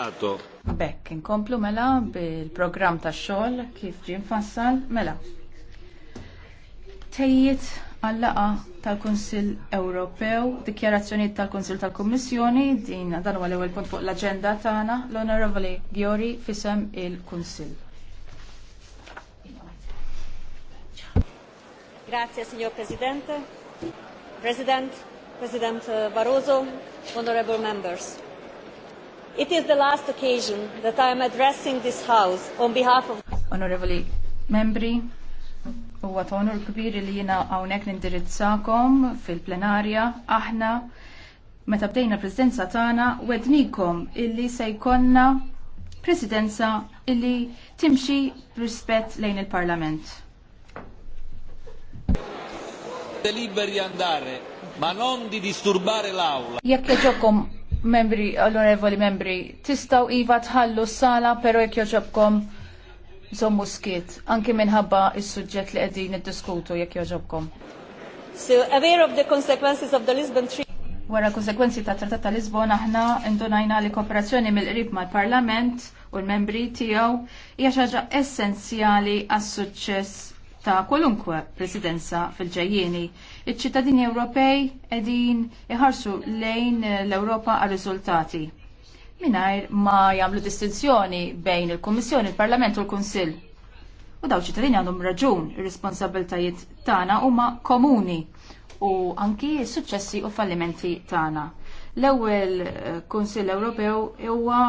Bekk, inkomplu mela bil-program ta' xogħol kif ġie fassal mela. Tejjiet għallaqa tal-Kunsill Ewropew, dikjarazzjonijiet tal-Kunsill tal-Kummissjoni, din dan huwa l-ewwel punt fuq l agenda tagħna l-Onorevoli Gjori fisem il-Kunsill. Grazie, signor Presidente. President, President Barroso, Honorable Members. It is the last occasion that I am addressing this House on behalf of... Onorevoli membri, huwa ta' kbir li jina hawnhekk nindirizzakom fil-plenarja aħna meta bdejna presidenza tagħna wednikom illi se jkollna presidenza illi timxi rispett lejn il-Parlament. Deliberi andare, ma non di disturbare l'aula. Jekk membri, l-onorevoli membri, tistaw iva tħallu s-sala, pero jek joġobkom zommu skiet, anki minħabba il-sujġet li għedin id-diskutu jek joġobkom. So, aware of the consequences of the Lisbon Treaty. Wara konsekwenzi ta' Trattat ta' Lisbon aħna indunajna li kooperazzjoni mill-qrib mal-Parlament u l-membri tiegħu hija xi ħaġa essenzjali għas-suċċess ta' kolunkwe presidenza fil-ġejjieni. Iċ-ċittadini Ewropej edin iħarsu lejn l-Ewropa għal riżultati minajr ma jagħmlu distinzjoni bejn il-Kummissjoni, il-Parlament u l-Kunsill. U daw ċittadini għandhom raġun, ir-responsabiltajiet tagħna huma komuni u anki s-suċċessi u fallimenti tagħna. L-ewwel eh, Kunsill Ewropew huwa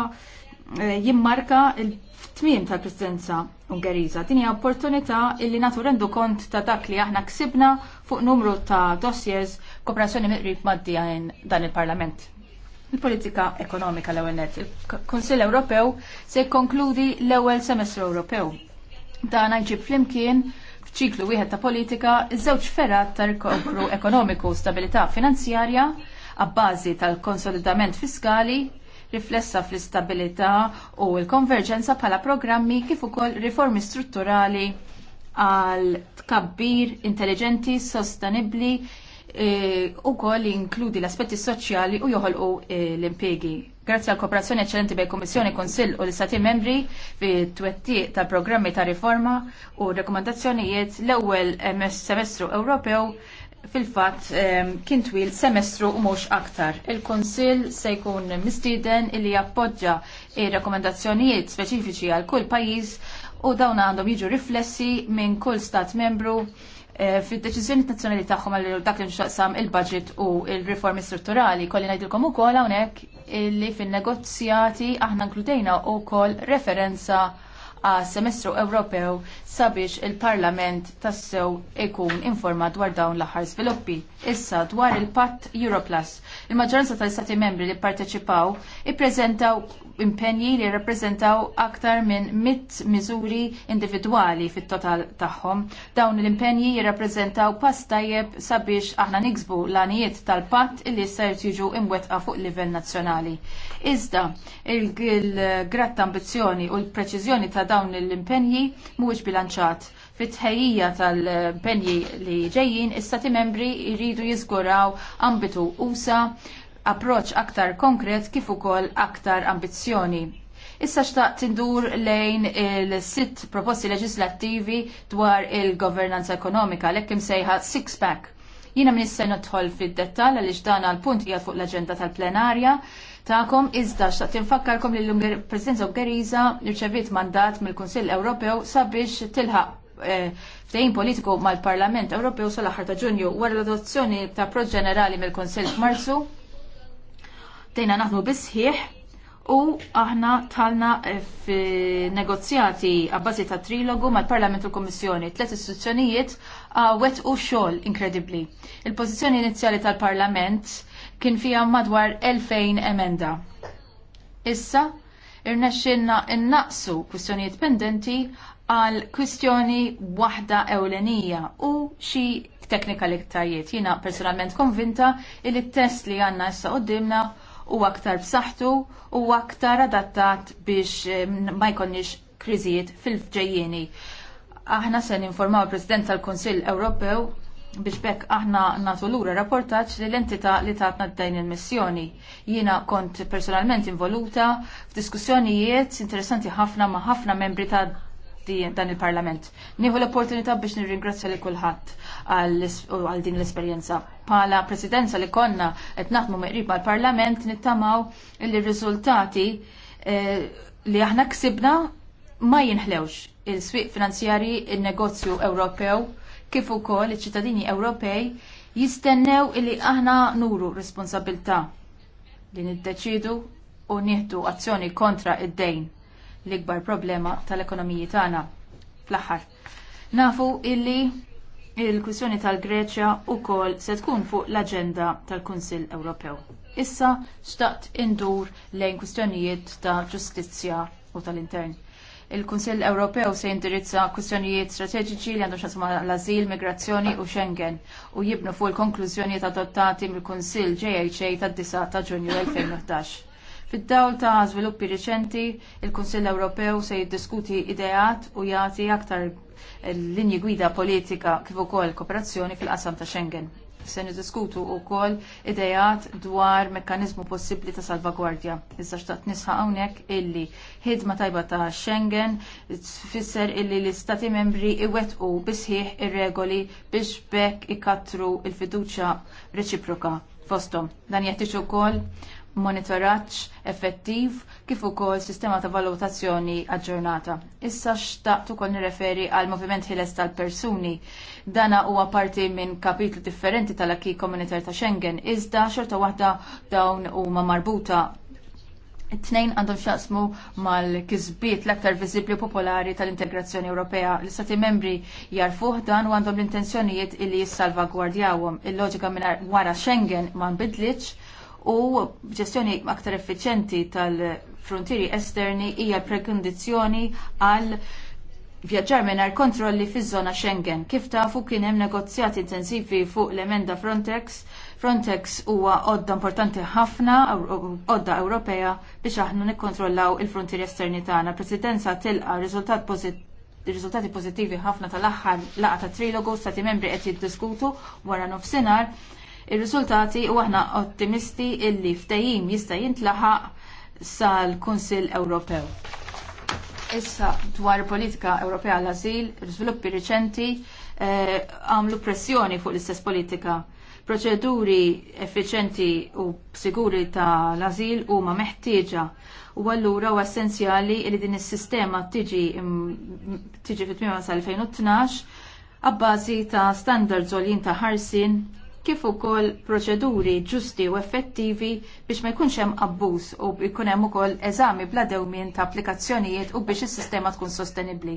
Eh, jimmarka il-tmim tal-presidenza Ungeriża. Din hija opportunità illi natu rendu kont ta' dak li aħna ksibna fuq numru ta' dossiers kooperazzjoni miqrib maddi dijajn dan il-Parlament. Il-politika ekonomika l ewwel net. Il-Konsil Ewropew se jkonkludi l-ewwel semestru Ewropew. Dan jġib flimkien f'ċiklu wieħed ta' politika iż-żewġ ferat ta' rikopru ekonomiku u stabilità finanzjarja għabbażi tal-konsolidament fiskali riflessa fl-istabilità u l-konverġenza bħala programmi kif ukoll riformi strutturali għal tkabbir intelligenti, sostenibbli e, u koll inkludi l-aspetti soċjali u joħolqu e, l-impiegi. Grazzi għal kooperazzjoni eccellenti bej Kommissjoni, Konsil u l-Istati membri fi twettiq ta' programmi ta' riforma u rekomandazzjonijiet l-ewwel semestru Ewropew fil-fatt ehm, kien twil semestru u mhux aktar. Il-Kunsill se jkun mistieden illi jappoġġa ir-rakkomandazzjonijiet speċifiċi għal kull pajjiż u dawn għandhom jiġu riflessi minn kull stat membru eh, fil-deċizjoni nazzjonali tagħhom għal dak li nxaqsam il-budget u il-riformi strutturali. Kolli ngħidilkom ukoll hawnhekk illi fin-negozjati aħna nkludejna wkoll referenza għal semestru Ewropew sabiex il-Parlament tassew ikun informat dwar dawn l-aħħar sviluppi. Issa dwar il-Patt Europlus. Il-maġġoranza tal-Stati membri li pparteċipaw ippreżentaw impenji li jirrappreżentaw aktar minn 100 miżuri individwali fit-total tagħhom. Dawn l-impenji jirrappreżentaw pass tajjeb sabiex aħna niksbu l-għanijiet tal-patt illi ser jiġu imwetqa fuq livell nazzjonali. Iżda, il-gratta ambizzjoni u l-preċiżjoni ta' dawn l-impenji mhuwiex bilanċat fit-tħejjija tal impenji li ġejjin, is-stati membri jridu jiżguraw ambitu usa approċċ aktar konkret kif ukoll aktar ambizzjoni. Issa xtaq tindur lejn il-sitt proposti leġislattivi dwar il-governanza ekonomika, l kim sejħa six-pack. Jina minn issa nidħol fid-dettal għaliex dan għal-punt jgħal fuq l-agenda tal-plenarja ta'kom iżda xtaqt tinfakkarkom li l-Presidenza Ungheriża rċeviet mandat mill-Kunsill Ewropew sabiex tilħaq eh, ftehim politiku mal-Parlament Ewropew sal-aħħar ta' Ġunju wara l-adozzjoni ta' proġ ġenerali mill-Kunsill f'Marzu Tejna naħdmu bisħiħ u aħna talna eh, f'negozjati għabbazi ta' trilogu mal-Parlament u komissjoni. Tlet istituzzjonijiet għawet ah, u xogħol inkredibli. Il-pożizzjoni inizjali tal-Parlament kien fija madwar 2000 emenda. Issa, irnexxinna innaqsu kwistjonijiet pendenti għal kwistjoni waħda ewlenija u xi teknika liktajiet. Jina personalment konvinta il test li għanna issa qoddimna u aktar b'saħħtu u aktar adattat biex eh, ma jkollniex kriżijiet fil-ġejjieni. Aħna se ninformaw il-President tal-Kunsill Ewropew biex bekk aħna natu lura rapportaċ li l-entità li tatna d-dajn il-missjoni. Jina kont personalment involuta f'diskussjonijiet interessanti ħafna ma' ħafna membri ta' dan il-Parlament. Nieħu l-opportunità biex nirringrazzja li kulħadd għal din l-esperjenza. Pala presidenza li konna qed naħdmu meqrib għall-Parlament nittamaw li r-riżultati eh, li aħna ksibna ma jinħlewx. Il-swieq finanzjari, il-negozju Ewropew, kif ukoll iċ-ċittadini Ewropej jistennew li aħna nuru responsabilità li niddeċidu u nieħdu azzjoni kontra id-dejn l-ikbar problema tal-ekonomiji tagħna fl-aħħar. Nafu illi il-kwistjoni tal-Greċja wkoll se tkun fuq l-aġenda tal-Kunsill Ewropew. Issa xtaqt indur lejn kwistjonijiet ta' ġustizzja u tal-intern il-Kunsill Ewropew se jindirizza kwistjonijiet strateġiċi li għandhom xasma l-azil, migrazzjoni u Schengen u jibnu fuq il-konklużjonijiet adottati mill-Kunsill JHA tad-9 ta' Ġunju 2011. Fid-dawl ta' żviluppi riċenti, il-Kunsill Ewropew se jiddiskuti ideat u jagħti aktar eh, linji gwida politika kif ukoll kooperazzjoni fil-qasam ta' Schengen. Se niddiskutu wkoll ideat dwar mekkaniżmu possibbli ta' salvagwardja. Iżda xtaqt nisħaq hawnhekk illi ħidma tajba ta' Schengen tfisser illi l-istati membri iwettqu bisħieħ ir-regoli biex bekk ikattru il-fiduċja reċiproka fostom. Dan jeħtieġ ukoll monitoraġġ effettiv kif ukoll sistema ta' valutazzjoni aġġornata. Issa xtaqt ukoll nirreferi għal moviment ħiles tal-persuni. Dana huwa parti minn kapitlu differenti tal-akki komunitar ta' Schengen, iżda xorta waħda dawn huma marbuta It-tnejn għandhom xaqsmu mal-kizbiet l-aktar viżibli popolari tal-integrazzjoni Ewropea. L-istati membri jarfuh dan u għandhom l-intenzjonijiet illi jissalvagwardjawhom. Il-loġika minn wara Schengen ma nbidlitx u ġestjoni aktar effiċjenti tal-frontieri esterni hija prekondizzjoni għal Vjaġġar mingħajr kontrolli fiż-żona Schengen. Kif tafu kien hemm negozjati intensivi fuq l-emenda Frontex. Frontex huwa għodda importanti ħafna, għodda Ewropea biex aħna nikkontrollaw il-frontieri esterni tagħna. Presidenza tilqa riżultat riżultati pozittivi ħafna tal-aħħar laqgħa ta' trilogu stati membri qed jiddiskutu wara nofsinhar ir-riżultati u aħna ottimisti illi ftehim jista' jintlaħaq sal-Kunsill Ewropew. Issa dwar politika Ewropea l-azil, riżviluppi riċenti eh, għamlu pressjoni fuq l-istess politika proċeduri effiċenti u siguri ta' l-azil huma meħtieġa u allura u essenzjali li din is-sistema tiġi tiġi fit tmima sal 2012 abbażi ta' standards għolin ta' ħarsin kif ukoll proċeduri ġusti u effettivi biex ma jkunx hemm abbuż u jkun hemm ukoll eżami bla dewmien ta' applikazzjonijiet u biex is-sistema tkun sostenibbli.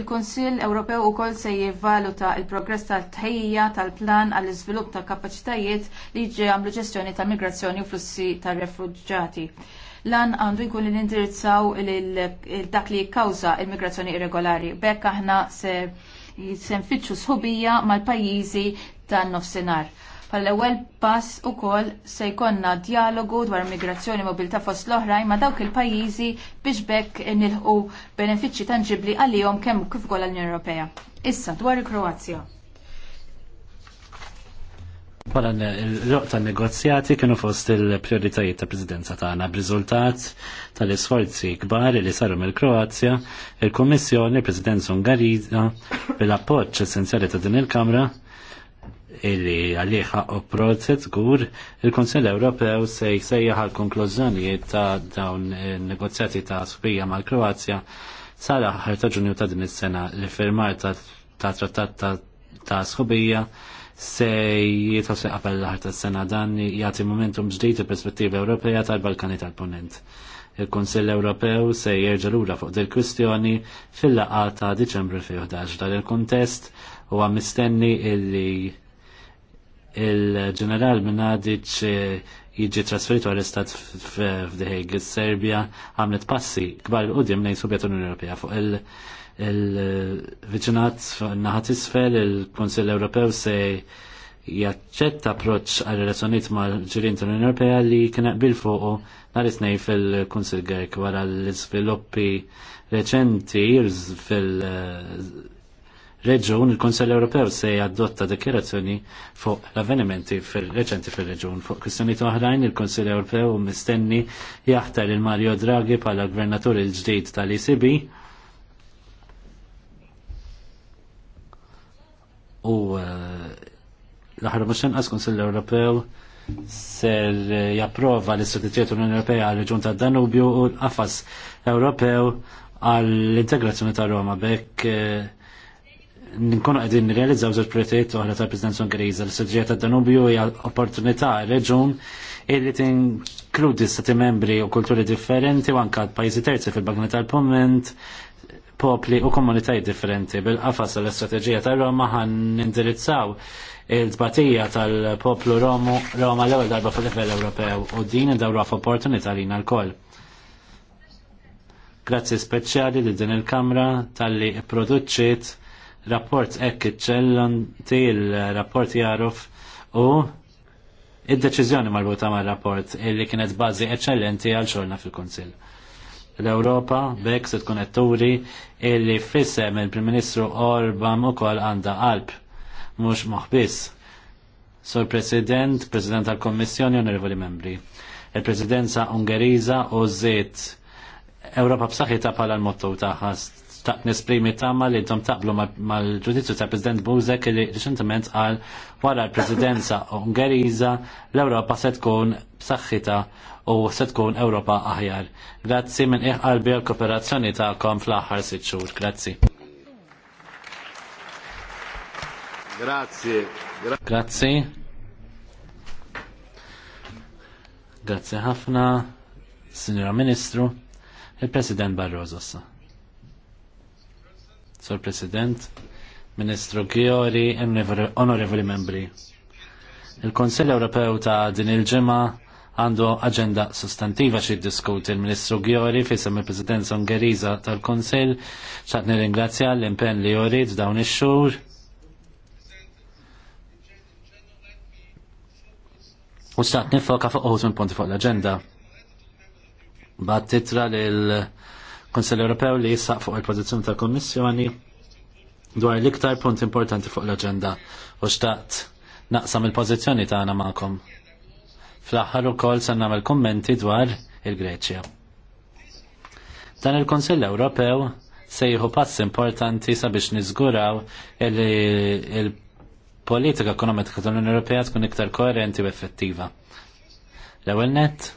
Il-Kunsill Ewropew ukoll se jivvaluta l-progress tat-tħejja tal-plan għall-iżvilupp ta' kapaċitajiet li jagħmlu ġestjoni ta' migrazzjoni u flussi ta' refuġġati lan għandu jkun li nindirizzaw dak li jikkawża l migrazzjoni irregolari. Bekk aħna se jisenfittxu sħubija mal-pajjiżi tan-nofsinhar. Pal ewwel pass ukoll se jkollna dialogu dwar migrazzjoni mobilta fost l-oħrajn ma' dawk il-pajjiżi biex bekk nilħu benefiċċji tanġibli għalihom kemm kif ukoll l unjoni Ewropea. Issa dwar il-Kroazja. Bħala l-roqta negozjati kienu fost il-prioritajiet ta' prezidenza tagħna b'riżultat tal-isforzi kbar li saru mill-Kroazja, il komissjoni il-Presidenza Ungarija, bil-appoġġ essenzjali ta' din il-Kamra, illi għalieħa u proċet gur il-Konsil Ewropew se jsejjaħ għal konklużjonijiet ta' dawn negozjati ta' sfija mal-Kroazja sal ħarta ġunju ta' din is-sena li firmar ta' trattat ta' sħubija ta se jitħossi qabel l-ħar tas-sena dan jagħti momentum ġdid il-perspettiva Ewropea tal-Balkani tal-Ponent. Il-Kunsill Ewropew se jerġa' lura fuq dil kwistjoni fil-laqgħa ta' Diċembru 2011 dan il-kuntest huwa mistenni illi il-ġeneral Minadiċ eh, jiġi trasferitu għal istat f'Deheg. Serbia għamlet passi kbar l qudiem lejn Sovjet unjoni Ewropea fuq il-viċinat naħat isfel il-Konsil Ewropew se jaċċetta approċċ għal relazzjoniet mal-ġirien tal-Unjoni Ewropea li kien qbil fuq nhar isnej fil-Kunsil Grek wara l-iżviluppi reċenti fil- reġun, il-Konsell Ewropew se jadotta dekjerazzjoni fuq l-avvenimenti reċenti fil-reġun. Fuq kwistjonijiet oħrajn, il-Konsell Ewropew mistenni jaħtar il-Mario Draghi bħala gvernatur il-ġdid tal-ECB u eh, l-ħarra mux inqas Konsell Ewropew ser japprova l-istituzzjoni Unjoni Ewropea għal-reġun tad-Danubju u l-qafas Ewropew għall-integrazzjoni ta' Roma bekk eh, nkunu għedin realizzaw zaġ prioritajiet oħra tal president Ungheriża l suġġiet ta' Danubju hija opportunità reġun illi tinkludi stati membri u kulturi differenti u anka pajjiżi terzi fil-Bagna tal-Pument popli u komunitajiet differenti bil-qafas tal-istrateġija ta' roma ħan indirizzaw il-tbatija tal-poplu Romu Roma l-ewwel darba fil-livell Ewropew u din id-dawra f'opportunità lina l-koll. Grazzi speċjali li din il-Kamra tal-li produċċiet rapport ekk iċċellanti til rapport jaruf u id-deċiżjoni marbuta ma' rapport illi kienet bażi eċċellenti għal xorna fil-Kunsill. L-Ewropa bekk se tkun etturi illi fissem il-Prim Ministru Orban ukoll għandha qalb mhux moħbis. Sur President, President tal-Kommissjoni, Onorevoli Membri. Il-Presidenza Ungeriża użiet Ewropa b'saħħitha bħala l mottu tagħha Taqt nesprimi tama li intom taqblu mal-ġudizzju ta' President Buzek li reċentament għal wara l-Presidenza ungeriza l-Ewropa se tkun bsaħħita u se tkun Ewropa aħjar. Grazzi minn iħqalbi l-kooperazzjoni tagħkom fl-aħħar sitt xhur. Grazzi. Grazie. Grazzi. Grazzi ħafna, Signora Ministru, il-President Barroso. Sur President, Ministru Giori, onorevoli membri. Il-Konsell Ewropew ta' din il ġimma għandu aġenda sostantiva xi diskuti il-Ministru Gjori fisem il-Presidenza Ungheriza tal-Konsil xaqt nirringrazzja l impen li jorid dawn ix-xhur. U xaqt nifoka fuq minn punti fuq l-aġenda. Bat titra lil Konsell Ewropew li jissaq fuq il-pożizzjoni tal-Kommissjoni dwar l-iktar punt importanti fuq l-aġenda u xtaqt naqsam il-pożizzjoni tagħna magħkom. Fl-aħħar ukoll se nagħmel kummenti dwar il-Greċja. Dan il-Konsell Ewropew sejħu pass importanti sabiex niżguraw il-politika ekonomika tal-Unjoni Ewropea tkun iktar koerenti u effettiva. L-ewwel nett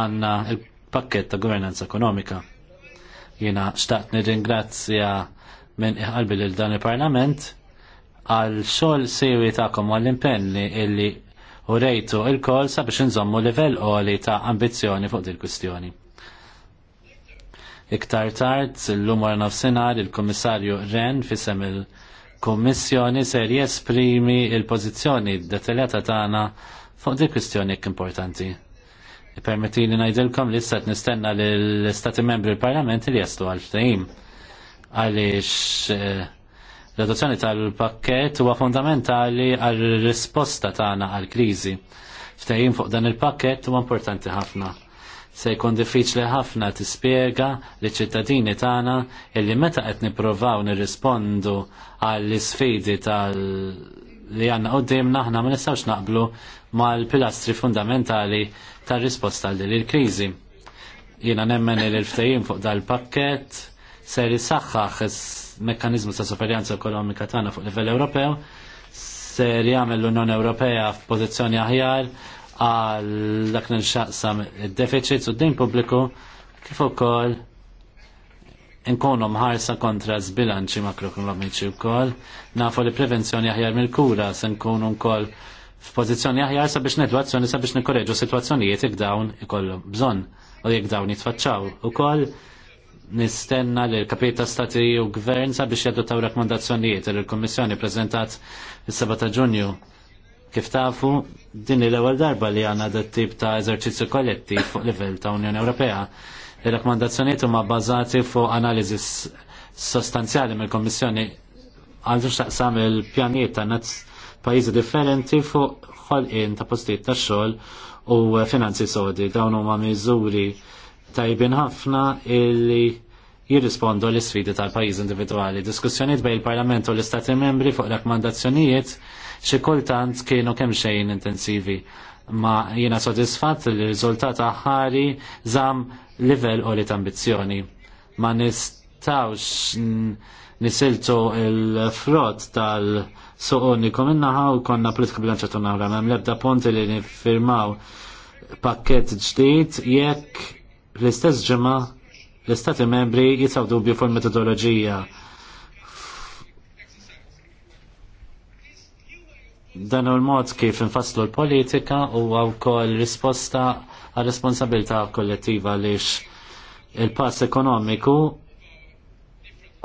għandna il-pakket ta' governance ekonomika. Jena xtaqt nirringrazzja minn qalbi lil dan il-Parlament għal xogħol sewi tagħkom għall impenni illi u rejtu il-kol sabiex nżommu livell qoli ta' ambizzjoni fuq dil-kwistjoni. Iktar tard, l-lum għar senar il-Komissarju Ren fisem il-Kommissjoni ser jesprimi il-pozizjoni dettaljata tagħna fuq di kwistjoni importanti. Permetti li najdilkom li s-sat nistenna li l-Stati membri l-Parlament li jastu għal-ftajim. Għalix eh, l-adozzjoni tal-pakket huwa fundamentali għal-risposta tagħna għal-kriżi. Ftajim fuq dan il-pakket huwa importanti ħafna. Se jkun diffiċli ħafna tispjega li ċittadini tagħna illi meta qed nippruvaw nirrispondu għall-isfidi tal- li għanna qoddim naħna ma nistawx naqblu mal-pilastri fundamentali tar risposta għal din il-kriżi. Jiena nemmen il-ftajim fuq dal-pakket ser jisaxħax il-mekkanizmu ta' superjanza ekonomika tagħna fuq livell Ewropew, ser jagħmel l-Unjoni Ewropea f'pożizzjoni aħjar għal dak x'aqsam id-deficit u d-din pubbliku kif ukoll nkunu mħarsa kontra zbilanċi makroekonomiċi wkoll, nafu li prevenzjoni aħjar mill-kura se nkunu wkoll f'pożizzjoni aħjar sabiex neddu azzjoni sabiex nikkoreġu sitwazzjonijiet jekk dawn ikollu bżonn u jekk dawn jitfaċċaw. Ukoll nistenna li l-kapit ta' stati u gvern sabiex jaddu taw rakkomandazzjonijiet li l-Kommissjoni prezentat il-7 ta' ġunju. Kif tafu, din l-ewwel darba li għandna dat tip ta' eżerċizzju kollettiv fuq livell ta' Unjoni Ewropea. Il-rakkomandazzjonijiet huma bbażati fuq analiżi sostanzjali mill-Kommissjoni għandu xaqsam il-pjanijiet ta' nazz pajjiżi differenti fuq ħolqien ta' postijiet ta' xogħol u finanzi sodi. Dawn huma miżuri tajbin ħafna illi jirrispondu l isfidi tal-pajjiż individwali. Diskussjonijiet bejn il-Parlament u l-Istati membri fuq rakkomandazzjonijiet xi kultant kienu kemm xejn intensivi ma jiena sodisfatt li r-riżultat aħħari żam livell qoli ta' ambizzjoni. Ma nistawx nisiltu il-frott tal- soqoni kominnaħa u konna politika bilanċa tunaħra, mem lebda ponti li nifirmaw pakket ġdid jekk l-istess ġemma l-istati membri jisaw dubju fuq metodoloġija dan u l-mod kif infasslu l-politika u għaw kol risposta għal responsabilta kollettiva lix il-pass ekonomiku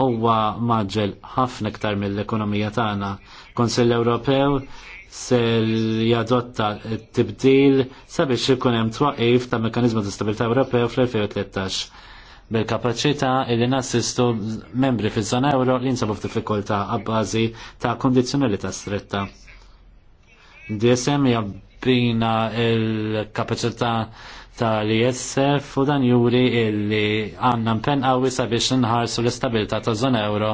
huwa maġġel ħafna iktar mill-ekonomija tagħna. Konsill Ewropew se jadotta t-tibdil sabiex ikun hemm twaqif ta' mekanizmu ta' stabilità Ewropew fl-2013 bil-kapacità li nassistu membri fiż żona euro li jinsabu f'diffikultà għabbażi ta' kundizzjonalità stretta. DSM jabbina il-kapacità tal jessef u dan juri illi għanna mpen għawi sabiex nħarsu l-istabilta ta' zon euro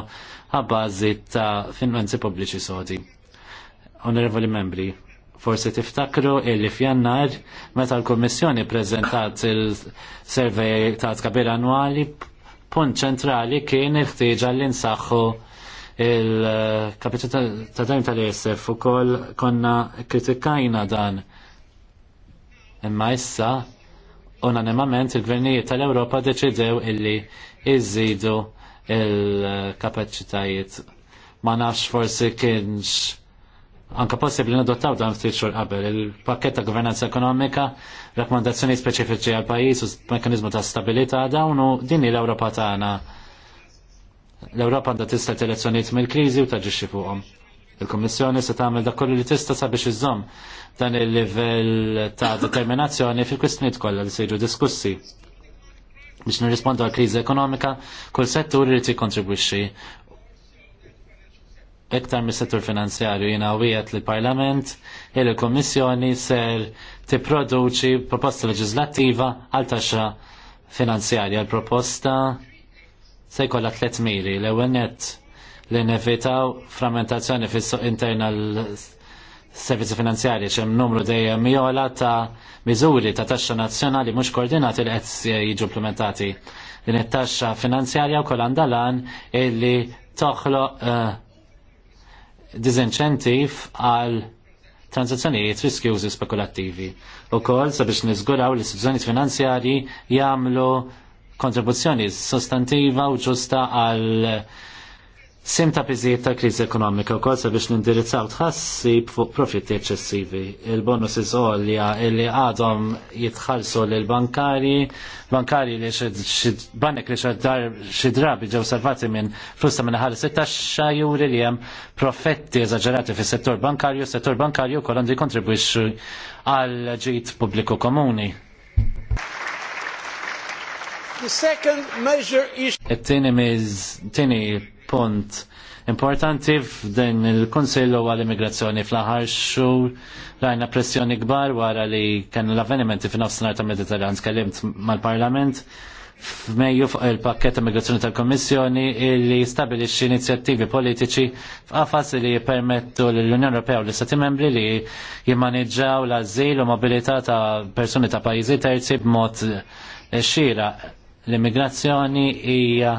għabbażi ta' finanzi pubbliċi sodi. Onorevoli membri, forsi tiftakru illi f'jannar meta l-Kommissjoni prezentat il-servej ta' tkabir annwali punt ċentrali kien il-ħtieġa li nsaħħu il-kapitu ta' dajm tal-ISF u kol konna kritikajna dan. Imma issa unanimament il-gvernijiet tal-Ewropa deċidew illi iżidu il-kapacitajiet. Ma nafx forsi kienx anka possibli nadottaw dan ftit xhur qabel il-pakket ta' governanza ekonomika, rakkomandazzjoni speċifiċi għal pajjiż u mekanizmu ta' stabilità dawn u din l-Ewropa tagħna. L-Ewropa għandha tista' telezzjonijiet mill-kriżi u taġixxi fuqhom. Il-Kommissjoni se tagħmel dak kollu li tista' sabiex iżomm dan il-livell ta' determinazzjoni fil kwistijiet kollha li se diskussi biex nirrispondu għal kriżi ekonomika, kull settur irid jikkontribwixxi iktar mis settur finanzjarju jina għawijat li parlament il l-Komissjoni ser tipproduċi proposta leġislattiva għal taxxa finanzjarja. L-proposta se jkollha tliet miri l ewwel nett li nevitaw frammentazzjoni fis-suq interna l-servizzi finanzjari xem numru dejjem jola ta' miżuri ta' taxxa nazzjonali mhux koordinati li qed jiġu implementati. Din it-taxxa finanzjarja u għandalan illi toħloq uh, eh, dizinċentiv għal transazzjonijiet riskjużi spekulattivi. U kol, sabiex nizguraw li istituzzjonijiet finanzjari jagħmlu kontribuzzjoni sostantiva u ġusta għal Sim ta' piżijiet ta' kriżi ekonomika wkoll sabiex nindirizzaw tħassib fuq profitti eċċessivi. Il-bonus iżolja li għadhom jitħallsu lil bankari, bankari li banek li xi drabi ġew salvati minn flussa minn ħares it juri li hemm profetti eżaġerati fis-settur bankarju, settur bankarju wkoll għandu jkontribwixxu għal ġid pubbliku komuni. The second measure is... tini punt importanti f'din il-Konsillu għall-Immigrazzjoni fl-aħħar xhur rajna pressjoni kbar wara li kienu l-avvenimenti f'nofsinhar ta' Mediterran tkellimt mal-Parlament f'Mejju fuq il-pakket ta' migrazzjoni tal-Kommissjoni li stabilixxi inizjattivi politiċi f'qafas li jippermettu l-Unjoni Ewropea u l-Istati Membri li jimmaneġġaw l-ażil u mobilità ta' persuni ta' pajjiżi terzi b'mod xira. L-immigrazzjoni hija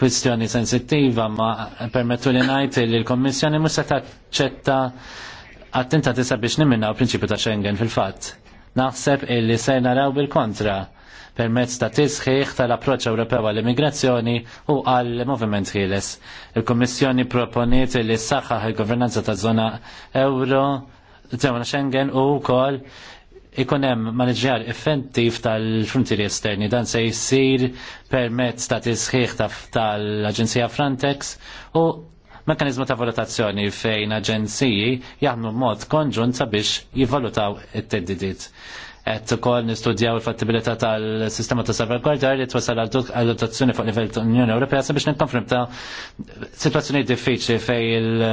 kwistjoni sensittiva ma permettu li ngħid li l-Kommissjoni mhux se taċċetta attenta tisa biex niminnaw prinċipju ta' Schengen fil-fatt. Naħseb illi se naraw bil-kontra permezz ta' tisħiħ tal-approċċ Ewropew għall-immigrazzjoni u għall-moviment ħieles. Il-Kommissjoni proponiet li saħħaħ il-governanza ta' zona euro zona Schengen u kol ikun hemm maniġjar effettiv tal-frontieri esterni dan se jsir permezz ta' tisħiħ tal-Aġenzija Frontex u mekanizmu ta' valutazzjoni fejn aġenziji jaħdmu mod konġunt sabiex jivvalutaw it-teddidiet. Qed ukoll nistudjaw il-fattibilità tal-sistema ta' salvagwardja li twassal għal dotazzjoni fuq livell tal-Unjoni Ewropea sabiex nikkonfronta sitwazzjonijiet diffiċli fejn il-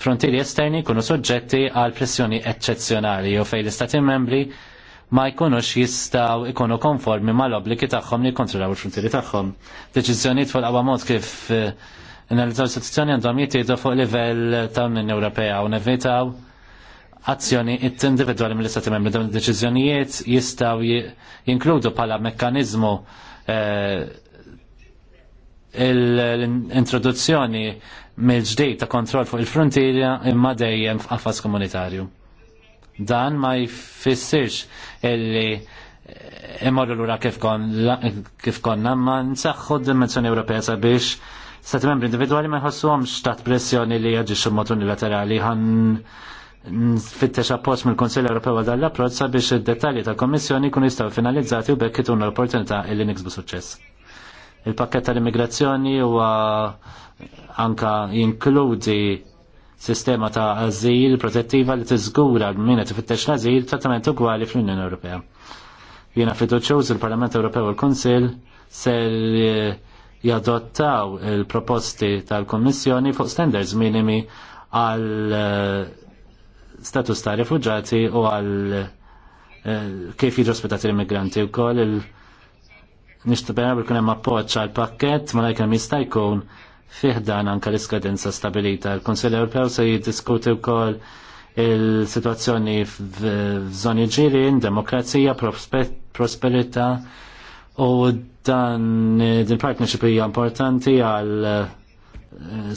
frontieri esterni jkunu soġġetti għal pressjoni eċċezzjonali u fejn l-istati membri ma jkunux jistaw ikunu konformi mal obbligi tagħhom li jkontrollaw il-frontieri tagħhom. Deċiżjonijiet fuq qaba mod kif eh, analizzaw istituzzjoni għandhom jittieħdu fuq livell ta' Unjoni Ewropea u nevitaw azzjoni individwali mill-istati membri dawn id-deċiżjonijiet jistaw jinkludu bħala mekkaniżmu eh, l-introduzzjoni mill-ġdejt ta' kontrol fuq il frontierja imma dejjem f'qafas komunitarju. Dan ma jfissirx illi eh, imorru l-ura kif konna, ma nsaxħu d-dimensjoni Ewropea sabiex stati membri individuali ma jħossuhom xtat pressjoni li jaġixxu mod unilaterali ħan nfittex appost mill-Kunsill Ewropew għal dal-approċċ sabiex id-dettalji tal-Kommissjoni kun jistgħu finalizzati u bekk l-opportunità illi niksbu suċċess. Il-pakket tal-immigrazzjoni huwa anka jinkludi sistema ta' azil protettiva li tiżgura minna t-fittex l-azil trattament ugwali fl-Unjoni Ewropea. Jiena fiduċjuż il-Parlament Ewropew u l-Kunsill se eh, jadottaw il-proposti tal-Kommissjoni fuq standards minimi għal eh, status ta' rifugġati u għal eh, kif jiġu ospitati l-immigranti u koll il- nishtabena bil kunem appoċ l pakket ma lajkem jista' jkun fiħdan anka l-iskadenza stabilita. Il-Konsil Ewropew se jiddiskuti wkoll il-situazzjoni f'żoni ġirin, demokrazija, prosperita u dan din partnership hija importanti għal eh,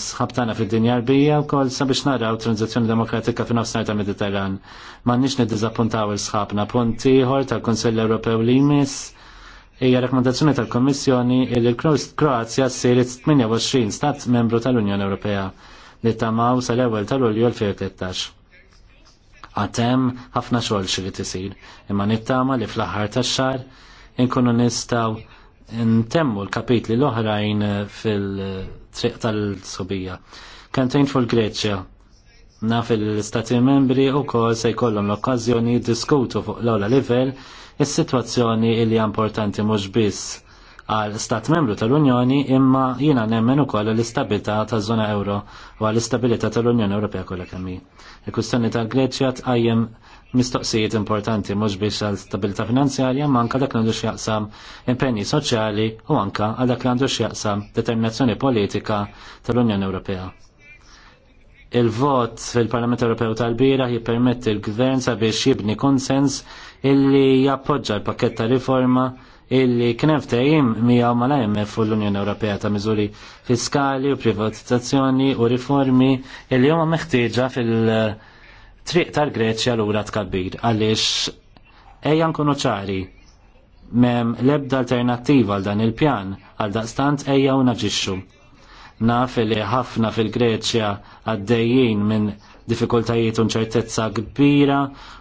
sħabtana fid-dinja rbija u kol sabiex naraw tranzizjoni demokratika fin nofsnar ta' Mediterran. Ma nix niddizappuntaw il-sħabna punti ħor tal-Konsell Ewropew li jmiss hija rakkomandazzjoni tal-Kommissjoni li l-Kroazja ssir 28 stat membru tal-Unjoni Ewropea li tamaw sal-ewwel tal-Ulju 2013. Għatem ħafna xogħol xi li tisir, imma nittama li fl-aħħar tax-xahar inkunu nistgħu ntemmu l-kapitli l-oħrajn fil-triq tal-sobija. Kantejn fuq Greċja, naf il-Stati membri u kol se jkollhom l-okkażjoni jiddiskutu fuq l ewwel livell Is-sitwazzjoni li importanti mhux biss għal stat membru tal-Unjoni imma jina nemmen ukoll l-istabilità ta' żona euro u għal istabilità tal-Unjoni Ewropea kollha kemm hi. Il-kwistjoni tal-Greċja tqajjem mistoqsijiet importanti mhux biex għal stabilità finanzjarja ma anke dak għandu x'jaqsam impenji soċjali u anke għal dak għandu x'jaqsam determinazzjoni politika tal-Unjoni Ewropea. Il-vot fil-Parlament Ewropew tal-bira jippermetti l-Gvern sabiex jibni konsens illi jappoġġa l-pakket ta' riforma illi kien hemm ftehim miegħu mal-IMF u l-Unjoni Ewropea ta' miżuri fiskali u privatizzazzjoni u riformi illi huma meħtieġa fil-triq tal-Greċja lura tkabbir għaliex ejja nkunu ċari mem ebda alternattiva għal dan il-pjan għal daqstant ejja u naġixxu. Naf li ħafna fil-Greċja għaddejjin minn diffikultajiet u nċertezza kbira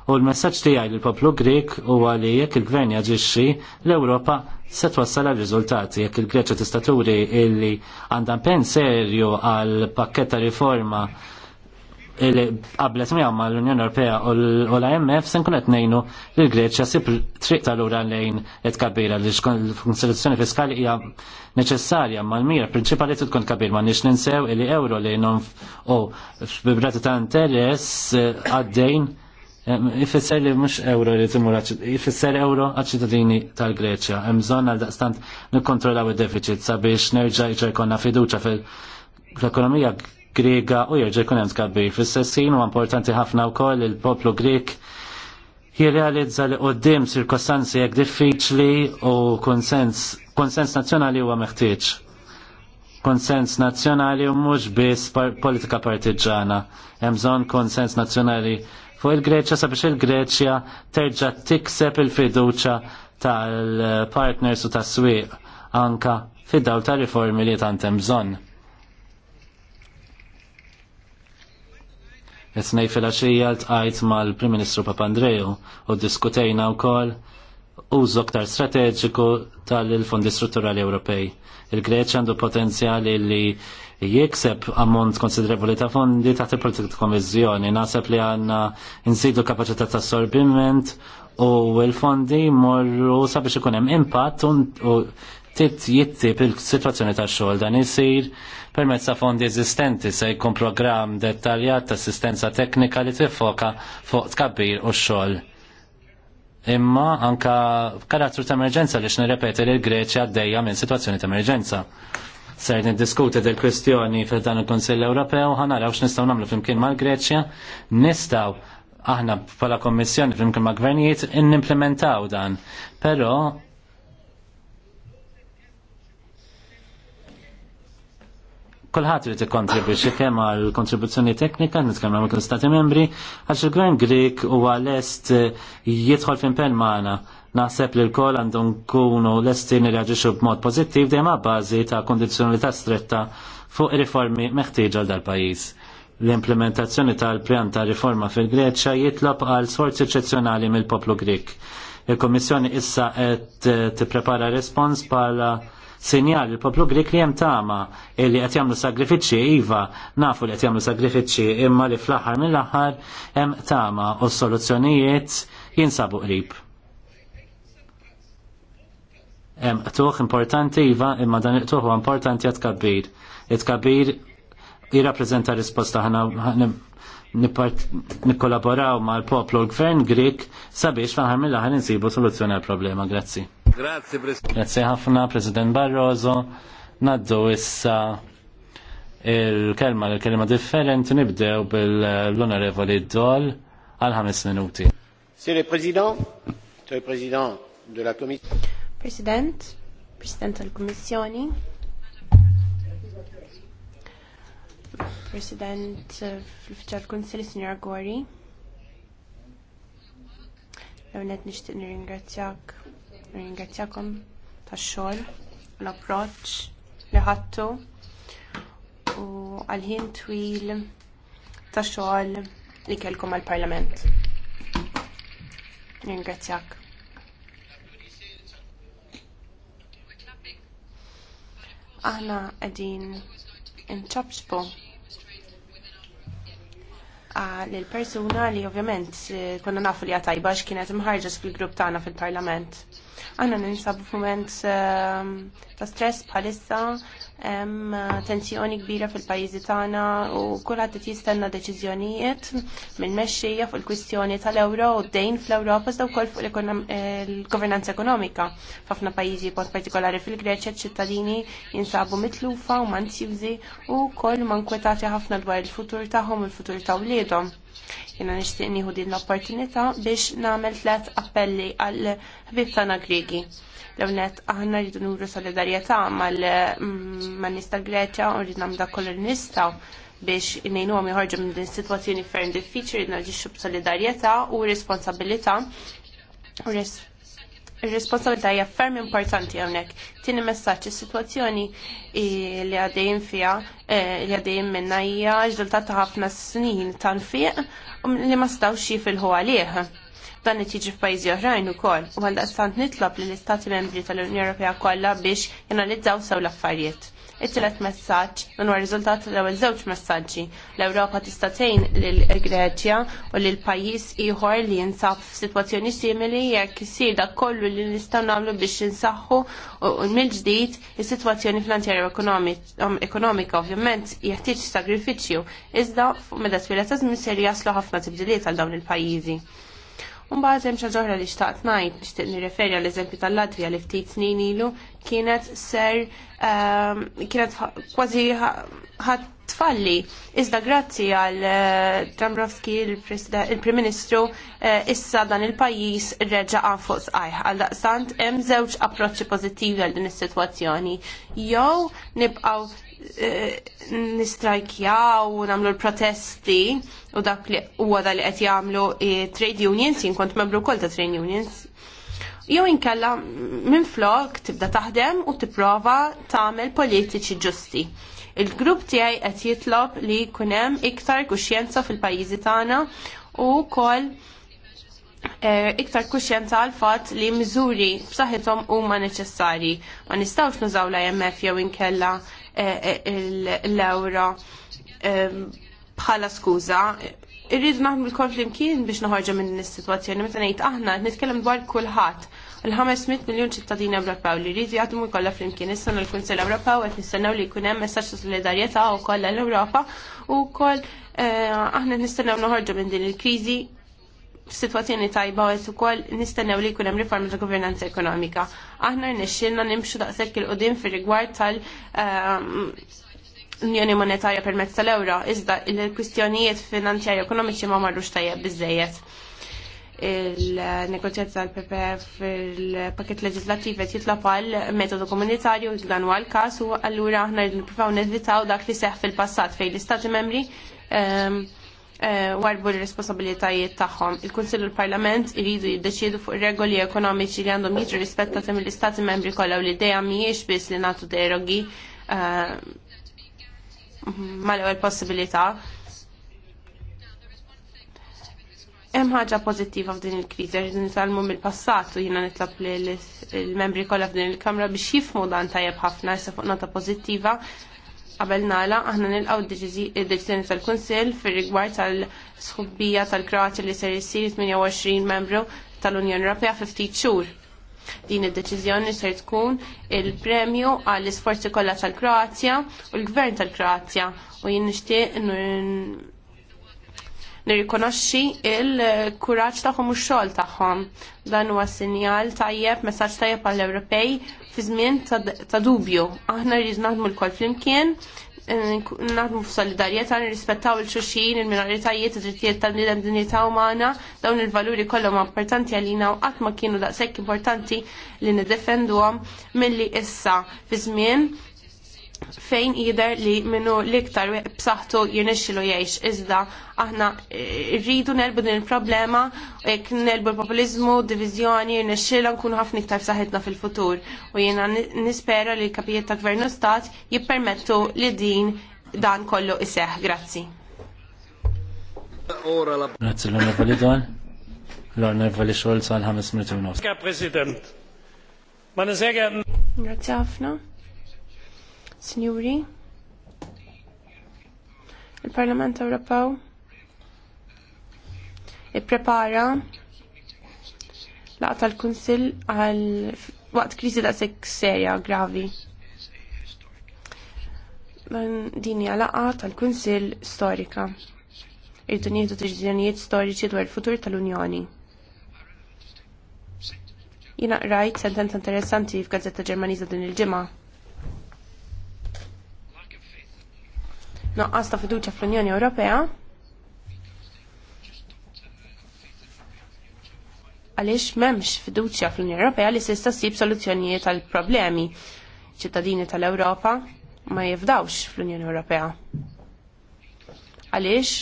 u l-messaġġ tiegħi lill poplu Grik huwa li jekk il-Gvern jaġixxi l-Ewropa se twassal għal riżultati jekk il-Greċja tista' turi illi għandha pen serju għal pakketta riforma qabla smija ma l-Unjoni Ewropea u l-IMF se nkun qed ngħinu li l-Greċja sib triq tal-ura lejn qed kabira li l-konsoluzzjoni fiskali hija neċessarja ma l-mira prinċipali trid tkun kabir ma nix ninsew li euro li non u f'bibrati ta' interess eh, għaddejn Ifisser li mux euro li timur ifisser euro għal-ċittadini tal-Greċja. Mżon għal-daqstant nikkontrollaw il-deficit sabiex nerġa' jkollna fiduċa fil-ekonomija Griega u jirġa' jkun hemm tkabbir. Fis-sessin huwa importanti ħafna koll il-poplu Grek jirrealizza li qoddim sirkostanzi jekk diffiċli u konsens, konsens nazzjonali huwa meħtieġ. Konsens nazzjonali u mhux biss par politika partiġana. Hemm bżonn konsens nazzjonali fuq il-Greċja sabiex il-Greċja terġa' tikseb il-fiduċja tal-partners u tas-swieq anka fid-dawl tal riformi li tant hemm bżonn. Etnej fil-axija l-tqajt mal-Prim Ministru Papandreju u diskutejna u kol użu ktar strateġiku tal-Fondi Strutturali Ewropej. il greċa għandu potenzjali li jikseb ammont konsidrevoli ta' fondi ta' il-politika konvizjoni. Nasab li għanna nżidu kapacità ta' sorbiment u l-fondi morru sabiex ikun hemm impatt u jittib il-situazzjoni ta' xogħol dan isir permezz ta' fondi eżistenti se jkun programm dettaljat ta' assistenza teknika li tiffoka fuq tkabbir u xogħol. Imma anka karattru ta' emerġenza li nirrepeti li l-Greċja għaddejja minn situazzjoni ta' emerġenza. Ser niddiskuti del kwestjoni fil dan il-Konsill Ewropew, ħanaraw nistgħu nagħmlu flimkien mal-Greċja, nistgħu aħna bħala kommissjoni flimkien ma' gvernijiet in-implementaw dan. Però Kulħadd irid ikkontribwixxi kemm għal kontribuzzjoni teknika nitkellem għal kull stati membri għax il-Gvern Grik huwa lest eh, jidħol f'impenn maħna. naħseb li l-kol għandun kunu lesti nirreagġixu b'mod pożittiv dejjem bażi ta' kondizzjonalità stretta fuq riformi meħtieġa għal dal-pajjiż. L-implementazzjoni tal-pjan ta' riforma fil-Greċja jitlob għal sforzi eccezzjonali mill-poplu Grik. Il-Kommissjoni issa qed eh, tipprepara respons bħala sinjal il-poplu grek li hemm tama li qed jagħmlu sagrifiċċji iva nafu li qed jagħmlu sagrifiċċji imma li fl-aħħar mill-aħħar hemm tama u s-soluzzjonijiet jinsabu qrib. Hemm tuħ importanti iva imma dan il huwa importanti għat kabbir. it kabir jirrappreżenta risposta ħana nikkolaboraw mal poplu l-gvern Grik sabiex faħar mill-aħħar insibu soluzzjoni għal problema. Grazzi. Grazie, President. ħafna, President Barroso. Naddu issa il-kelma, il-kelma differenti nibdew bil-Onorevoli Dol għal ħames minuti. Sir President, Sir President de la Commissione. President, President tal-Kommissjoni. President fil-Fiċar Kunsil, Signor Gori. Għonet nishtiq nir-ingrazzjak Ringrazzjakom tax-xogħol, l-approċċ li ħadtu u għal-ħin twil tax-xogħol li kellkom għall-Parlament. Ringrazzjak. Aħna qegħdin inċabsbu il persuna li ovvjament eh, konna nafu li għatajba x'kienet imħarġa fil-grupp tagħna fil-Parlament. Għanna ninsabu f'mument ehm, ta' stress bħalissa, eh, tensjoni kbira fil-pajjiżi tagħna u kulħadd qed jistenna deċiżjonijiet minn mexxija fuq il-kwistjoni tal-ewro u d-dejn fl-Ewropa iżda ukoll fuq il-governanza ekonomika. F'ħafna pajjiżi b'mod partikolari fil-Greċja ċittadini jinsabu mitlufa u manzjużi u wkoll mankwetati ħafna dwar il-futur tagħhom u l-futur ta' wliedhom Jena nishtiq nieħu din l-opportunità biex nagħmel tliet appelli għal ħbib tagħna Griegi. L-ewnet aħna rridu nuru solidarjetà mal-nies mm, tal-Greċja u rridu nagħmlu dak kollu nistgħu biex ngħinuhom joħorġu minn din situazzjoni ferm diffiċli rridna naġixxu b'solidarjetà u responsabilità u Ir-responsabilità hija ferm importanti hawnhekk. Tieni messaġġ is-sitwazzjoni li għaddejjin fiha eh, li għaddejjin minnha hija riżultat ta' ħafna snin ta' nfiq li ma stawx jifilħu għalih. Dan qed jiġi f'pajjiżi oħrajn ukoll u għaldaqstant nitlob lill istati membri tal-Unjoni Ewropea kollha biex jenalizzaw sew l-affarijiet it tlet messaġġ dan huwa riżultat l-ewwel żewġ messaġġi. L-Ewropa tista' tgħin lill-Greċja u lil pajjiż ieħor li jinsab f'sitwazzjoni simili jekk isir dak kollu li nistgħu nagħmlu biex insaħħu u mill-ġdid is-sitwazzjoni finanzjarja um, ekonomika ovvjament jeħtieġ sagrifiċċju iżda fuq meta twila ta' żmien ser jaslu ħafna tibdiliet għal dawn il-pajjiżi. Mbagħad hemm xi ġoħra li xtaqt ngħid nixtieq nirreferi għall eżempju tal latvija li ftit snin ilu kienet ser ehm, kienet kważi ħadd tfalli. Iżda grazzi għal eh, Drambrowski, il-Prim Ministru, eh, issa dan il-pajjiż reġa' għan fuq sqajħ. Għal daqstant hemm żewġ approċċi pożittivi għal din is-sitwazzjoni. Jew nibqgħu eh, nistrajkjaw u nagħmlu l-protesti u dak li huwa dak li qed jagħmlu trade unions, jien kont membru wkoll ta' trade unions, jew inkella minn flok tibda taħdem u tipprova tagħmel politiċi ġusti. Il-grupp tiegħi qed jitlob li jkun hemm iktar kuxjenza fil-pajjiżi tagħna u wkoll eh, iktar kuxjenza għal fatt li miżuri b'saħħithom huma neċessarji. Ma nistgħux nużaw l-IMF jew inkella eh, eh, l-euro bħala skuża irridu naħmu l-kol flimkien biex noħorġu minn is-sitwazzjoni meta ngħid aħna nitkellem dwar kulħadd Il-500 miljon ċittadini Ewropew li jridu jaħdmu jkollha flimkien is-sena l-Kunsell Ewropew qed nistennew li jkun hemm messaġġ ta' solidarjetà wkoll l-Ewropa u wkoll eh, aħna nistennew noħorġu minn din il-kriżi situazzjoni tajba qed ukoll nistennew li jkun hemm riforma ta' governanza ekonomika. Aħna rnexxielna nimxu daqshekk il-qudiem fir-rigward tal-Unjoni eh, Monetarja permezz tal-Ewro, iżda il-kwistjonijiet finanzjarji ekonomiċi ma marrux tajjeb biżejjed il-negozjat tal-PPF fil-paket leġislattiv qed jitla pal metodu komunitarju dan huwa l-każ u allura aħna rridu nippruvaw nevitaw dak li seħħ fil-passat fejn l-Istati membri ehm, eh, warbu l-responsabilitajiet tagħhom. Il-Kunsill u l-Parlament iridu jiddeċiedu fuq regoli ekonomiċi li għandhom jiġu rispettati mill-Istati membri kollha u l-idea mhijiex biss li nagħtu derogi eh, mal-ewwel possibilità Hemm ħaġa pożittiva f'din il-kriżi għax nitalmu mill-passat u jiena nitlob lill-membri kollha f'din il-Kamra biex jifmu dan tajjeb ħafna issa fuq nota pożittiva qabel nagħla aħna nilqgħu d-deċiżjoni tal-Kunsill fir-rigward tal-sħubbija tal kroazja li ser issir 28 membru tal-Unjoni Ewropea fi ftit xhur. Din id-deċiżjoni ser tkun il-premju għall isforzi kollha tal-Kroatja u l-Gvern tal-Kroatja u jien nixtieq nirrikonoxxi il-kuraġġ tagħhom u x-xogħol tagħhom. Dan huwa sinjal tajjeb, messaġġ tajjeb għall-Ewropej fi żmien ta' dubju. Aħna rridu naħdmu l-kol flimkien, naħdmu f'solidarjetà nirrispettaw il-xulxin, il-minoritajiet, id-drittijiet tal-bniedem dinjità umana, dawn il-valuri kollha ma' importanti għalina u qatt ma kienu daqshekk importanti li niddefenduhom milli issa fi żmien fejn jider li minnu liktar b'saħħtu jirnexxilu jgħix iżda aħna eh, rridu nelbu din il-problema jekk nelbu l-populizmu, divizjoni jirnexxilha nkunu ħafna iktar saħħitna fil-futur u jiena nispera li l-kapijiet ta' gvernu stat jippermettu li din dan kollu iseħ. Grazzi. Grazzi l-onorevoli Don. L-onorevoli Scholz għal ħames minuti u nofs. Grazie ħafna. Signori, il-Parlament Ewropew ipprepara laqta l-Kunsill għal waqt kriżi ta' sekk serja gravi. Din hija laqgħa tal-Kunsill storika. Irdu nieħdu deċiżjonijiet storiċi dwar il-futur tal-Unjoni jina rajt sentenza interessanti f'gazzetta ġermaniza din il-ġimgħa. naqqas ta' fiduċa fl-Unjoni Ewropea. Għaliex m'hemmx fiduċja fl-Unjoni Ewropea li s'ista ssib soluzzjonijiet għall problemi ċittadini tal-Ewropa ma jifdawx fl-Unjoni Ewropea. Għaliex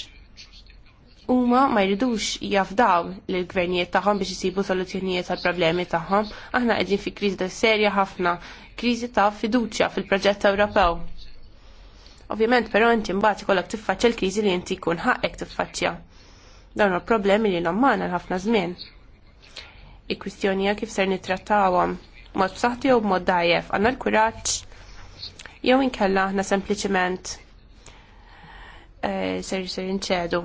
huma ma jridux jafdaw lill gvernijiet tagħhom biex isibu soluzzjonijiet għall problemi tagħhom. Aħna qegħdin fi kriżi serja ħafna, kriżi ta' fiduċja fil-proġett Ewropew Ovvjament però inti mbagħad ikollok tiffaċċja l-kriżi li inti jkun ħaqek tiffaċċja. Dawn il-problemi li l-ommana l-ħafna żmien. Il-kwistjoni hija kif ser nittrattawhom mod b'saħħti u b'mod dajjef, għandna l-kuraġġ jew inkella aħna sempliċement eh, ser ser inċedu.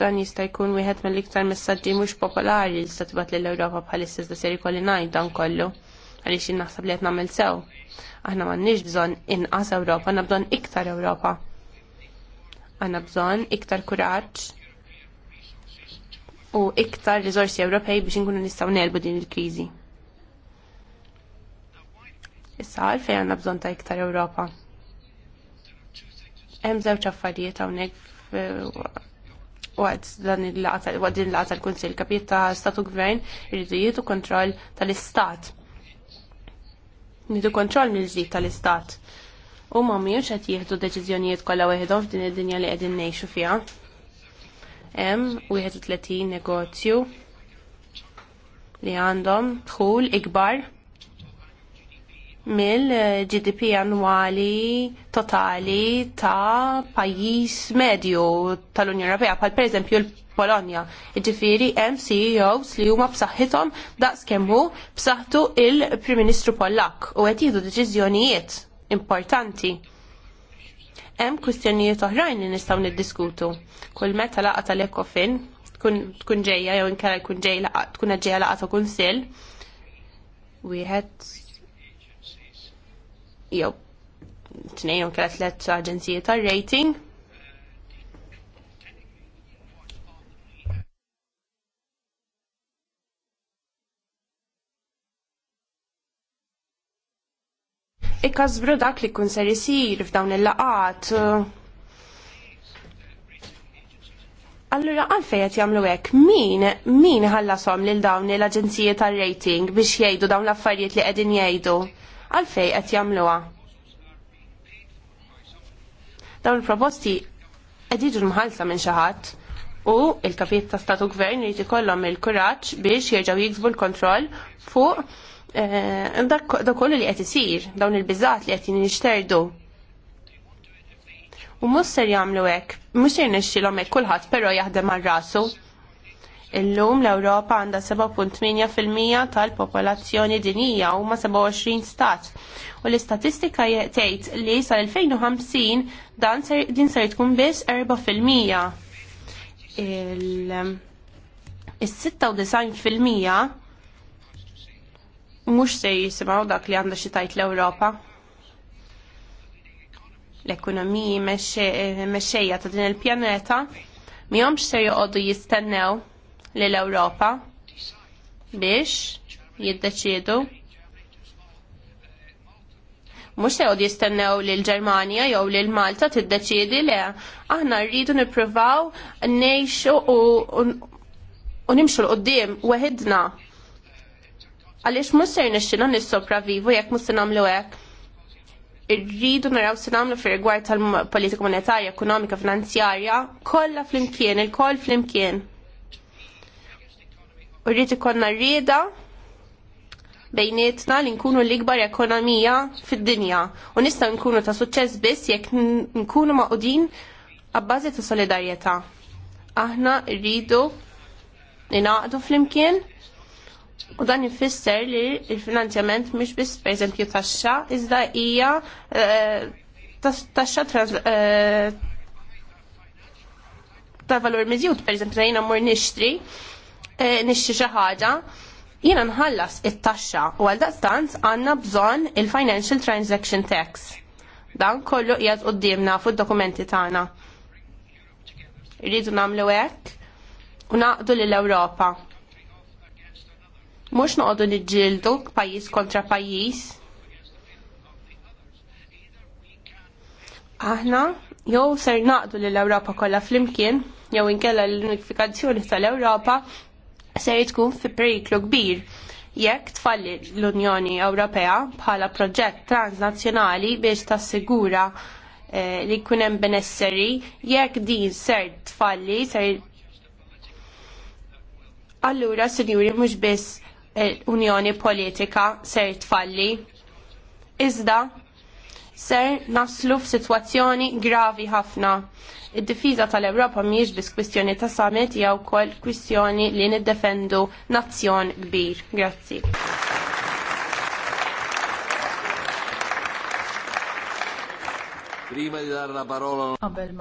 Dan jista' jkun wieħed mill-iktar messaġġi mhux popolari li tibgħat lill-Ewropa bħalissa iżda ser ikolli ngħid dan kollu għaliex naħseb li qed nagħmel sew. Aħna m'għandniex bżonn inqas Ewropa, għandna bżon iktar Ewropa. Għandna bżonn iktar kuraġġ u iktar riżorsi Ewropej biex inkunu nistgħu nelbu din il-kriżi. Issa għalfejn għandna bżonn ta' iktar Ewropa. Hemm żewġ affarijiet hawnhekk waqt dan il-laqta, waqt din il-laqta l-Kunsil, kapiet ta' Statu Gvern irridu jietu kontroll tal-Istat nidu kontroll mill-ġdid tal-istat. U ma mhijiex qed jieħdu deċiżjonijiet kollha weħedhom f'din id-dinja li qegħdin ngħixu fiha. Hemm wieħed u tletin negozju li għandhom dħul ikbar mill-GDP annwali totali ta' pajjiż medju tal-Unjoni Ewropea, pal pereżempju l-Polonja. Ġifiri hemm CEOs li huma b'saħħithom daqs hu b'saħħtu il-Prim Ministru Pollak u qed jieħdu deċiżjonijiet importanti. Hemm kwistjonijiet oħrajn li nistgħu niddiskutu. Kull meta laqgħa tal-Ekofin tkun ġejja jew inkella jkun ġej tkun ġejja laqgħa ta' kunsill wieħed jew tnejn u tlet aġenziji tar-rating. vru dak li kun ser isir f'dawn il-laqat. Allura għalfej qed jagħmlu hekk, min min ħallasom lil dawn l-aġenziji tar-rating biex jgħidu dawn l-affarijiet li qegħdin jgħidu? għalfej qed jagħmluha. Dawn il-proposti qed jiġu mħallsa minn xi ħadd u il-kapijiet ta' statu gvern jrid ikollhom il-kuraġġ biex jerġgħu jiksbu l-kontroll fuq eh, dak kollu li qed isir, dawn il-biżat li qed jinixterdu u mhux ser jagħmlu hekk, mhux ser nixxilhom hekk kulħadd però jaħdem għal rasu. Illum l-Ewropa għandha 7.8% tal-popolazzjoni dinija huma 27 stat. U l-istatistika tgħid li sal-2050 dan ser, din ser tkun biss 4%. Il-96% mhux se jisimgħu dak li għandha xi tajt l-Ewropa l-ekonomiji mexxejja ta' din il-pjaneta mihomx se joqogħdu jistennew lill ewropa biex jiddeċiedu mux sew jistennew lil ġermanja jew lil Malta tiddeċiedi le aħna rridu nippruvaw nejxu u nimxu l-qoddim weħidna. Għaliex mhux se nixxina nissopravivu jekk mhux se nagħmlu hekk. Irridu naraw se nagħmlu fir rigward tal-politika monetarja, ekonomika, finanzjarja, kollha flimkien, il-koll flimkien u rrid ikollna rrieda bejnietna li nkunu l-ikbar ekonomija fid-dinja u nistgħu nkunu ta' suċċess biss jekk nkunu maqudin għabbażi ta' solidarjetà. Aħna rridu ninaqdu flimkien u dan jifisser li l-finanzjament mhix biss pereżempju taxxa iżda hija eh, taxxa eh, ta' valur miżjud, per eżempju, jina nixtri Eh, nixxi xi ħaġa, jiena nħallas it-taxxa u għal daqstanz għandna bżonn il-Financial Transaction Tax. Dan kollu qiegħed qudiemna fuq id-dokumenti tagħna. Irridu nagħmlu hekk u naqdu lill-Ewropa. Mhux noqogħdu niġġieldu pajjiż kontra pajjiż. Aħna jew ser naqdu lill-Ewropa kollha flimkien jew inkella l-unifikazzjoni tal-Ewropa se tkun fi periklu kbir jekk tfalli l-Unjoni Ewropea bħala proġett transnazzjonali biex tassigura eh, li jkun hemm benesseri jekk din ser tfalli ser allura sinjuri mhux biss l eh, Unjoni Politika ser tfalli iżda ser naslu f'sitwazzjoni gravi ħafna Id-difiża tal-Ewropa mhijiex biss kwistjoni ta' summit jew wkoll kwistjoni li niddefendu nazzjon kbir. Grazzi. Prima di dare la parola